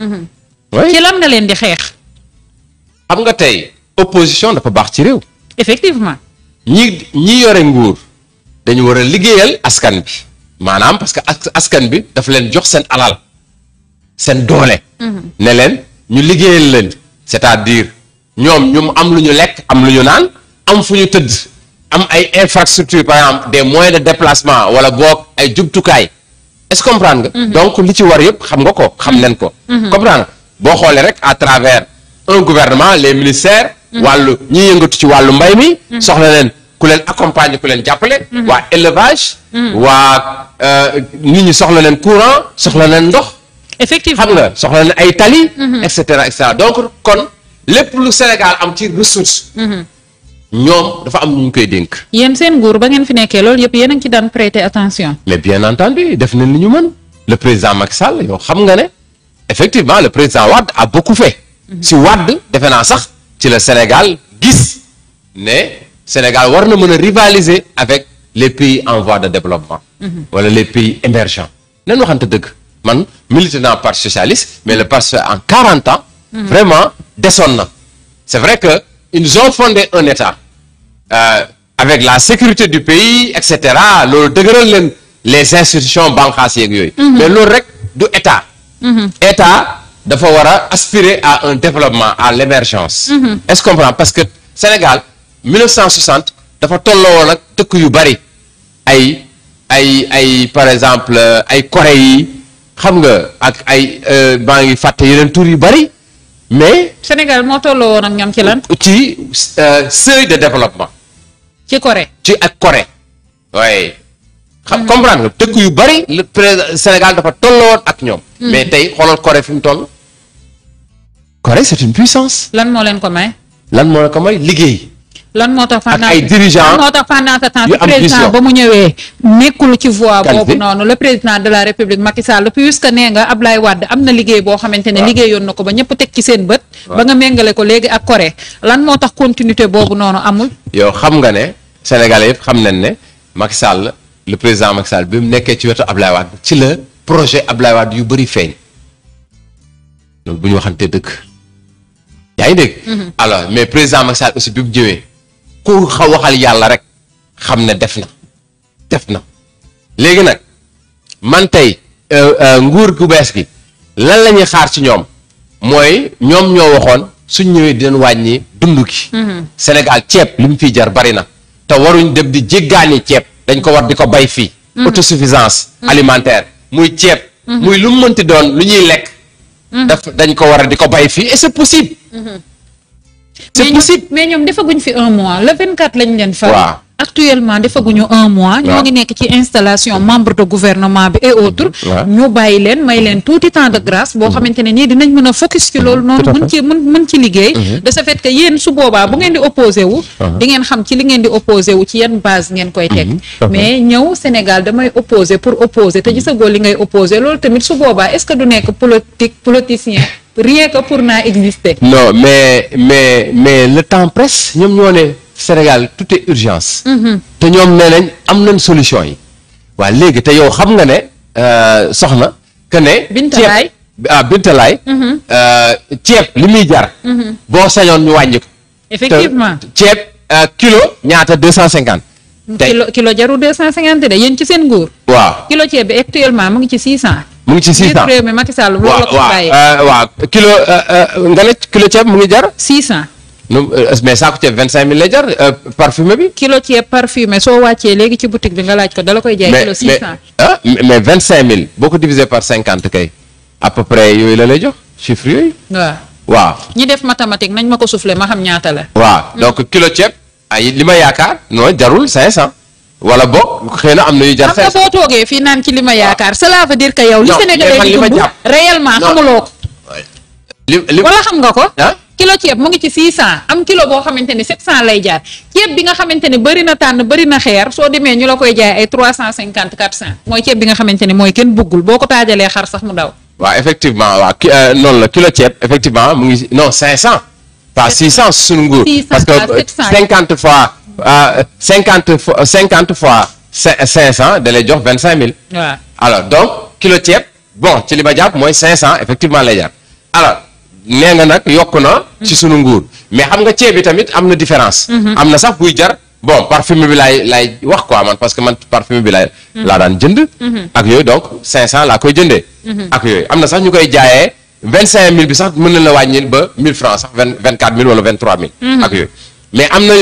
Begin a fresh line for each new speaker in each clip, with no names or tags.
Mhm. ci lan nga leen di xeex.
xam nga tey opposition dafa baax ci réew. effectivement. ñi ñi yore nguur dañu war a liggéeyal askan bi maanaam parce que askan bi daf leen jox seen alal seen doole. Mhm. ne leen ñu liggéeyal leen c'est-à-dire ñoom ñu am lu ñu lekk am lu ñu naan am fu ñu tëdd am ay infrastructure par exemple des moyens de déplacement wala boog ay jubtukaay. est-ce comprendre nga. Mhm. donc li ci war yëpp xam nga ko. xam leen mhm. ko. Mhm. comprendre nga boo xoolee rek à travers un gouvernement les ministères. wàllu ñi yëngatu ci wàllu mbay mi. soxla leen ku leen accompagner ku leen jàppale. waa élevage. waa euh, nit ñi soxla leen courant soxla leen ndox. effectivement xam nga soxla leen ay tali. et cetera et cetera donc kon lépp lu Sénégal am ci ressource. ñoom dafa am ñu ñu koy dénk.
yéen seen nguur ba ngeen fi nekkee loolu yëpp yéen ngi ci daan prêter attention.
mais bien entendu def nañ li ñu mën le président Macky Sall xam nga ne effectivement le président Wade a beaucoup fait. Mhm. si Wade defe naa sax ci la Sénégal gis ne Sénégal war na mën a rivaliser avec les pays en voie de développement. Mhm. wala les pays émergents. nañ waxante dëgg man militant parti socialiste mais le parti en 40 ans. Mhm. vraiment desoon na c'est vrai que. ils ont fondé un État euh, avec la sécurité du pays et cetera loolu dëgëral leen les institutions bancaires yeeg yooyu. Mhm. mais loolu rek du État. Mhm. État dafa war a aspirer à un développement à l'émergence. Mhm. est-ce qu'on comprend parce que Sénégal 1960 dafa tolloo woon ak dëkk yu bari ay ay ay par exemple ay Corée yi xam nga ak ay euh, maa ngi fàtte yeneen tur yu bari. mais Sénégal moo tolloo woon ak ñoom ci lan. ci euh, seuil de développement. ci Corée. ci ak Corée. waaye. xam mm-hmm. comprendre nga dëkk yu bari le président Sénégal dafa tolloon ak ñoom. Mm-hmm. mais tey xoolal Corée fi mu toll. Corée c'est une puissance. lan moo leen ko may. lan moo leen ko may liggéey.
lan moo tax ak ay dirigeants lan moo tax pendant président ba mu ñëwee nekkul ci voie boobu noonu le président de la république Macky Sall puisque nee nga Ablaye Wade am na liggéey boo xamante ne liggéeyoon na ko ba ñëpp teg ci seen bët ba nga méngale ko léegi ak Corée lan moo tax continuité boobu noonu amul
yoo xam nga ne Sénégalais yëpp xam nañ ne Macky Sall le président Macky Sall bi mu nekkee ci wetu Ablaye Wade ci la projet Ablaye Wade yu bëri feeñ bu ñu waxante dëkk yaa ngi dégg mm-hmm. alors mais président Macky aussi bi mu jëwee ku waxal yàlla rek xam ne def na def na léegi nag man tey euh, euh, nguur gu bees gi lan la ñuy xaar ci ñoom mooy ñoom ñoo waxoon suñ ñëwee dinañ wàññi dund gi. Mm-hmm. Sénégal ceeb li mu fiy jar bari na te waruñ dem di jéggaani ceeb dañ ko war di ko bay fii. Mm-hmm. autosuffisance mm-hmm. alimentaire muy ceeb. muy lu mu mënti doon lu ñuy lekk. daf dañ ko wara di ko bay fii et c'est possible. c'est possible
mais ñoom defaguñ fi un mois le 24 lañ leen fal. waaw actuellement defaguñu un mois. ñoo ngi nekk ci installation membre de gouvernement bi et autres. Mm-hmm. ñu bàyyi leen may leen tout tuuti temps de grâce boo mm-hmm. xamante ne nii dinañ mën a focus ci loolu noonu. mën ci mën mën ci liggéey. Mm-hmm. de ce fait que yéen su boobaa bu ngeen di opposé wu. Uh-huh. di ngeen xam ci li ngeen di opposé wu ci yan base ngeen koy teg. mais ñëw Sénégal damay opposé pour opposé te gisagoo li ngay opposé loolu tamit su boobaa est-ce que du nekk politique politicien. rien que pour naa exister. non
mais mais mais le temps presse ñoom ñoo ne Sénégal tout est urgence. Mm-hmm. te ñoom nee nañ am nañ solution yi. waaw léegi te yow xam nga ne euh, soxna. que ne Bintalaay ah Bintalaay. Mm-hmm. Euh, ceeb li muy jar. Mm-hmm. boo sañoon ñu wàññi ko.
effectivement
ceeb euh, kilo ñaata deux cent cinquante.
kilo kilo jarul deux cent cinquante de yéen ci seen nguur. waaw kilo ceeb bi actuellement mu ngi ci six cent.
mu ngi ci six cent réew mi
Macky euh,
waaw kilo euh, euh, nga ne kilo ceeb mu ngi jar six cent mais saako ceeb vingt cinq mille lay jar parfumé bi kilo ceeb parfumé soo wàccee léegi ci boutique bi nga laaj ko dala koy jaay kilo six cent ah, mais vingt cinq mille boo ko divisé par cinquante kay à près yooyu la lay jox chiffre yooyu waa waaw
ñi def mathématique nañ ma ko soufflé ma xam ñaata la
waaw mm. donc kilo ceeb ay li ma yaakaar non jarul cinq cent wala boog xëy na am na yu jar. xam nga
boo toogee fii naan ci li ma yaakaar cela veut dire que yow. li Sénégalais di dund réellement xamuloo
ko.
wala xam nga ko. kilo ceeb mu ngi ci 600 am kilo boo xamante ne 700 lay jaar ceeb bi nga xamante ne bëri na tànn bëri na xeer soo demee ñu la koy jaay ay 350 400 mooy ceeb bi nga xamante ne mooy kenn bëggul boo ko taajalee xar sax mu daw.
waaw effectivement waaw ki euh, la kilo ceeb effectivement mu ngi non 500. pas 600 sunu parce que 50 fois. Euh, euh, cinquante fois cinquante fois cinq cent da lay jox vingt cinq mille. waaw alors donc kilo ceeb bon ci li ma jàpp mooy cinq cent effectivement lay jar alors nee nga nag yokk na. ci sunu nguur mais xam nga ceeb bi tamit am na différence. Mhm. am na sax buy jar. bon parfum bi laay laay wax quoi man parce que man parfum bi laay. Mhm. laa daan jënd. Mhm. ak yooyu donc 500 laa koy jëndee. ak yooyu am na sax ñu koy jaayee mille bi sax mën na na wàññil ba 1000 francs sax 24000 wala 23000. ak yooyu mais am na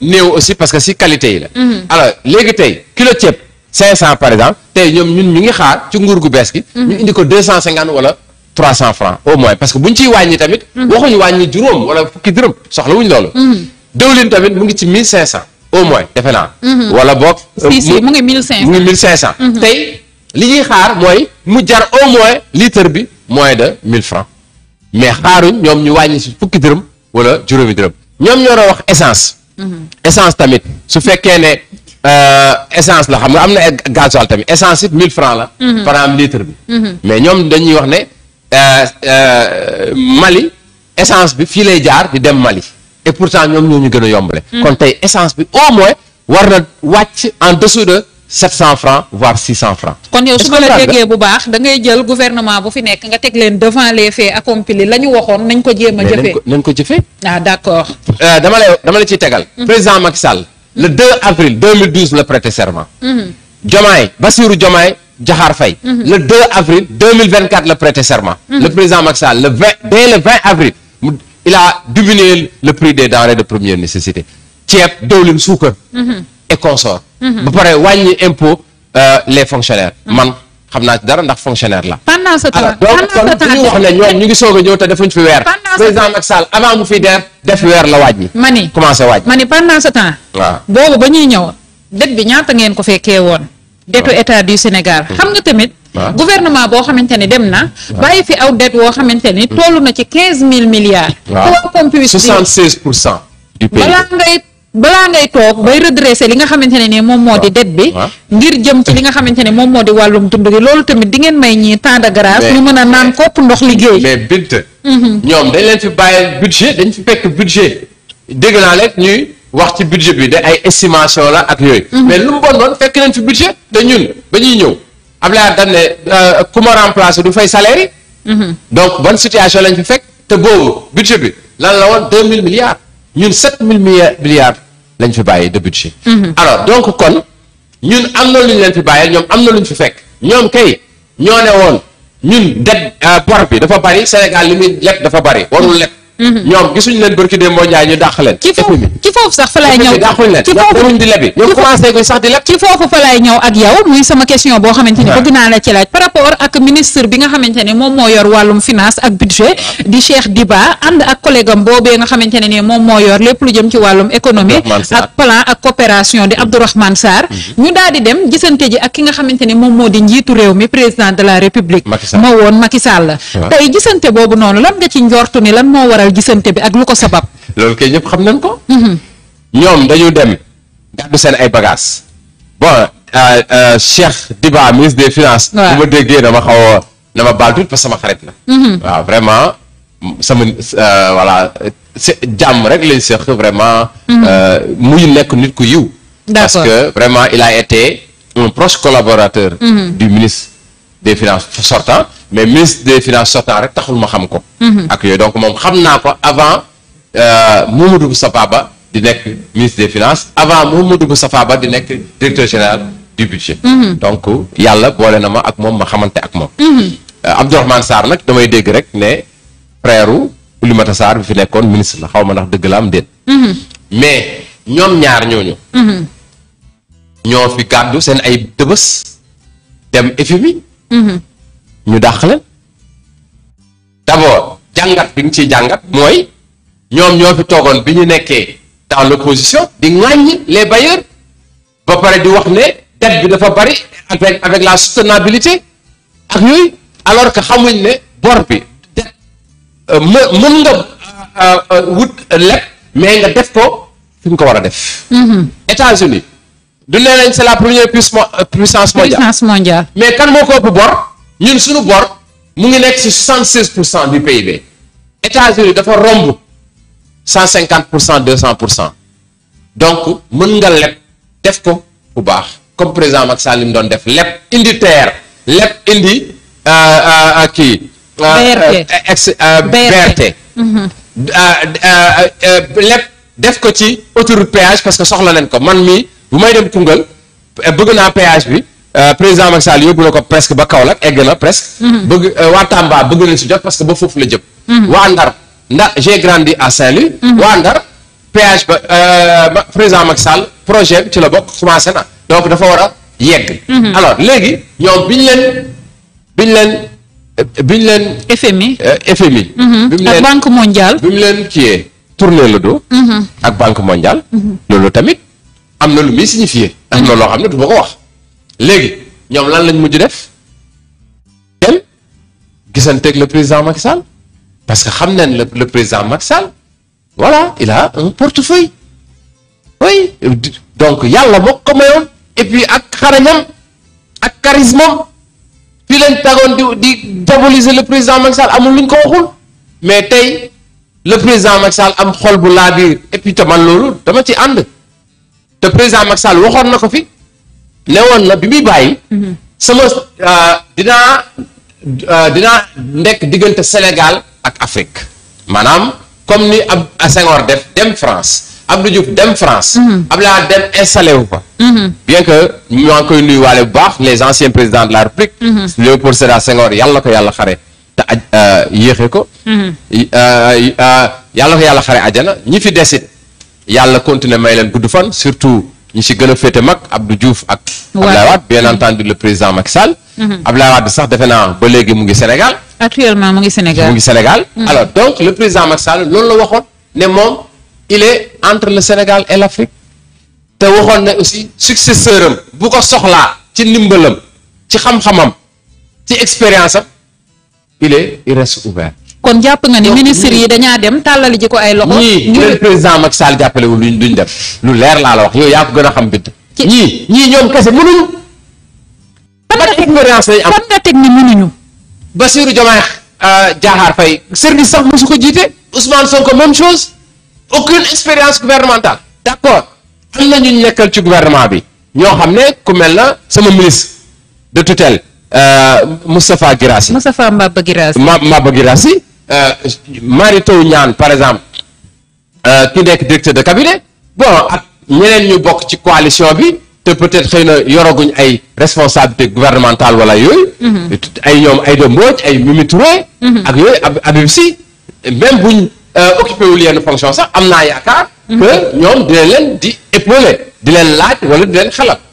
néew aussi parce que si qualité yi la. Mhm. alors léegi tey kilo ceeb 500 par exemple tey ñoom ñun ñu ngi xaar ci nguur gu bees gi. Mhm. ñu indi ko 250 wala 300 francs au moins parce que buñ ciy wàññi tamit. Mhm. ñu wàññi juróom wala fukki dërëm soxlawuñ loolu. dëwlin tamit mu ngi ci 1500 au moins defe naa. wala boog. si euh, si mu ngi 1500 mu ngi 1500. tey li ñuy xaar mooy mu jar au moins litre bi moins de mille francs mais xaaruñ ñoom ñu wàññi si fukki dërëm wala juróomi dërëm ñoom ñoo doon wax essence. Mhm. essence tamit su fekkee ne euh, essence la xam nga am na gasoil tamit essence it 1000 francs la. Mhm. par am litre bi. Mhm. mais ñoom dañuy wax ne euh, euh, Mali essence bi fii lay jaar di dem Mali et pourtant ñoom ñoo ñu gën a yombale. kon tey essence bi au moins war na wàcc en dessous de. 700 francs voire 600 francs.
kon yow su ma la déggee bu baax da ngay jël gouvernement bu fi nekk nga teg leen devant les faits accomplis la ñu waxoon nañ ko jéem a jëfee nañ ko jëfee. ah d' accord.
Euh, dama lay dama la ciy tegal. Mm-hmm. président Macky Sall. le 2 mm-hmm. avril 2012 la prêté serment. Mm-hmm. Diomaye Bassirou Diomaye Diakhar le 2 avril 2024 la prêté serment. le président Macky Sall le 20 le 20 avril mu il le prix des denrées de première nécessité ceeb diwlin suukar. et consort. Mhm. ba pare wàññi impôt euh, les fonctionnaires mhm. man xam naa ci dara ndax fonctionnaire la
pendant ce temps donc kon ñu wax
ne a ñëw te defuñ fi avant mu fi deer def weer la waaj bi ma ni commencé waaj
ma ni pendant ce temps waaw boobu ba ñuy ñëw det bi ñaata ngeen ko fekkee woon detu état du Sénégal mhm. xam nga tamit gouvernement boo xamante ne dem na bàyyi fi aw det woo xamante ni toll na ci quinze mille milliards pour qu'on puisse
pour cent balaa
ngay balaa ngay toog bay redresser li nga xamante ne nii moom moo di det bi ngir jëm ci li nga xamante ne moom moo di wàllum dund gi loolu tamit di ngeen may ñii temps de grâce ñu mën a naan
kopp ndox liggéey mais bint mhm. ñoom dañ leen fi bàyyi budget dañ fi fekk budget dégg naa rek ñuy wax ci budget bi da ay estimation la ak yooyu mhm. mais lu mu bon noonu fekk leen fi budget te ñun ba ñuy ñëw Abdoulaye dañ ne euh, ku ma remplacer du fay salaire mhm. donc ban situation lañ fi fekk te boobu budget bi la woon deux ñun sept mille milliards lañ fi bàyyi de budget mhm. alors donc kon ñun am na luñ ñu leen fi bàyyee ñoom am na lu ñu fi fekk ñoom kay ñoo ne woon ñun det euh, bor dafa bari Sénégal li muy leb dafa bari warul lekk Mhm. ñoom gisuñu leen barki démb njaay ñu dàq leen. ci foofu ci foofu sax fa laay ñëw
dàquñu ak yow muy sama question boo xamante ni bëgg naa la ci laaj par rapport ak ministre bi nga xamante ne moom moo yor lépp lu jëm ci wàllum économie ak plan ak coopération di mm-hmm. Abdourahmane Sarr mm-hmm. ñu daal dem gisante ji ak ki nga xamante ne moom moo di njiitu réew mi président de la république moo woon Macky Sall tey gisante boobu noonu lan nga ci njortu ni lan moo waral waral gisante bi ak lu ko sabab.
loolu kay ñëpp xam nañ ko. Mhm. ñoom dañu dem. gàddu seen ay bagages. bon euh, euh, Cheikh Diba ministre des finance bu ma déggee dama xaw a ma baal tuuti parce que sama xarit la. Mhm. waaw vraiment sama euh, voilà jàmm rek lañ seq vraiment. Mhm. muy nekk nit ku yiw. parce que vraiment il a été un proche collaborateur. du ministre des finances sortant. mais ministre des finance sortant rek taxul ma xam ko. Mhm. ak yooyu donc moom xam naa ko avant euh, Mamadou Moustapha Ba di nekk ministre des avant Mamadou Moustapha Ba di nekk directeur général du budget. Mhm. donc yàlla boole na ma ak moom ma xamante ak moom. Mhm. Euh, Abdourahmane Sarr nag damay dégg rek ne frère Oulimata saar bi fi nekkoon ministre la xaw ma ndax dëgg la am déet. mais ñoom ñaar ñooñu. ñoo fi gàddu seen ay dëbës dem FMI. ñu dàq leen d'abord jàngat bi nga ciy jàngat mooy ñoom ñoo fi toogoon bi ñu nekkee dans l'opposition di ŋàññ les bailleurs ba pare di wax ne dette bi dafa bari avec la soutenabilité ak yooyu alors que xamuñ ne bor bi dette euh, mën nga euh, euh, wut leb mais nga def ko fi nga ko war a def mhm. États-Unis du nee nañ c'est la première puissance mondiale mais kan moo ko ëpp bor ñun suñu bor mu ngi nekk ci soixante seize pour cent du PIB États-Unis dafa romb cent cinquante pour cent deux cent pour cent donc mën nga leb def ko bu baax comme président Macky Sall li doon def leb indi terre leb indi euh, euh, euh, kii. BRT mhm. lépp def ko ci autoroute péage parce que soxla nañ ko man mii bu may dem Koungheul bëgg naa péage bi Euh, président Macky Sall yóbbu na ko presque ba Kaolack egg na presque. Mhm. bëgg euh, waa Tamba bëgg nañ si jot parce que ba foofu la jëm. Mhm. waa Ndar Ndar j'ai grandi à Saint-Louis. Mhm. waa Ndar péage ba euh, président Macky Sall projet ci la bokk commencé na donc dafa war a yegg. alors léegi ñoom bi ñu leen bi ñu leen bi ñu leen. FMI FMI. bi mu leen ak banque mondiale. bi mu leen kiiyee tourné le dos. ak banque mondiale. loolu tamit am na lu muy signifié. am na loo xam ne du ko wax. léegi ñoom lan lañ mujj def kenn gisanteeg le président Macky parce que xam nañ le le président Macky Sall voilà il a un portefeuille oui donc yàlla moo ko mayoon et puis ak xarañam ak charisme am fii leen tagoon di di diaboliser le président Macky Sall amul luñ ko waxul mais tey le président Macky Sall am xol bu laa biir et puis te man loolu dama ci ànd te président Macky waxoon na ko fi. newoon na bi muy bàyyi mhm. sama dinaa euh, dinaa euh, ndekk diggante Sénégal ak Afrique maanaam comme ni ab Senghor def dem France Abdou Diouf dem France mhm. Abdoulaye dem installé wu fa mhm. bien que ñoo ngi koy nuyu waale bu baax les anciens présidents de la République Léopold Sédar Senghor yàlla ko yàlla xare te aj euh, yéexe ko yàlla na ko yàlla xare ajana ñi fi desit yàlla continuer may leen gudd fan surtout ñu si gën a féete mag Abdou Diouf ak. Abdoulaye Wade bien entendu le président Macky Sall. Mhm. Abdoulaye Wade sax defe naa ba léegi mu ngi Sénégal. actuellement mu ngi Sénégal ngi Sénégal. Mhm. alors donc le président Macky Sall loolu la waxoon ne moom il est entre le Sénégal et l' te waxoon ne aussi successeur am bu ko soxlaa ci ndimbalam ci xam-xamam ci expérience am il est reste ouvert
kon jàpp nga ni ministre yi dañaa dem tàllali ji ko ay loxo. ñii leen
président Macky Sall jàppale wu luñ duñ def lu leer laa la wax yow yaa ko gën a xam bidd. ñii ñii ñoom kese mënuñu. ban expérience lañ am ban nga teg ni mënuñu. Bassirou Diomaye euh, Diakhar service sax mosu ko jiite Ousmane ko même chose aucune expérience gouvernementale. d'accord am na ñu nekkal ci gouvernement bi ñoo xam ne ku mel na sama ministre de tutelle euh, Moustapha Guirassy. Moustapha Maba Guirassy. Maba Guirassy. Euh, Mary Teuw Niane par exemple euh, ki nekk directeur de cabinet bon ak ñeneen ñu bokk ci coalition bi te peut-être xëy na yoroguñ ay responsabilité gouvernementale wala yooyu mhm. ay ñoom ay Aïda Mbodj ay Mimi mhm. ak yooyu Habib Sy même buñ euh, occupé wul yenn fonction sax am naa yaakaar mhm. que ñoom dina leen di épauler di leen laaj wala di leen xelal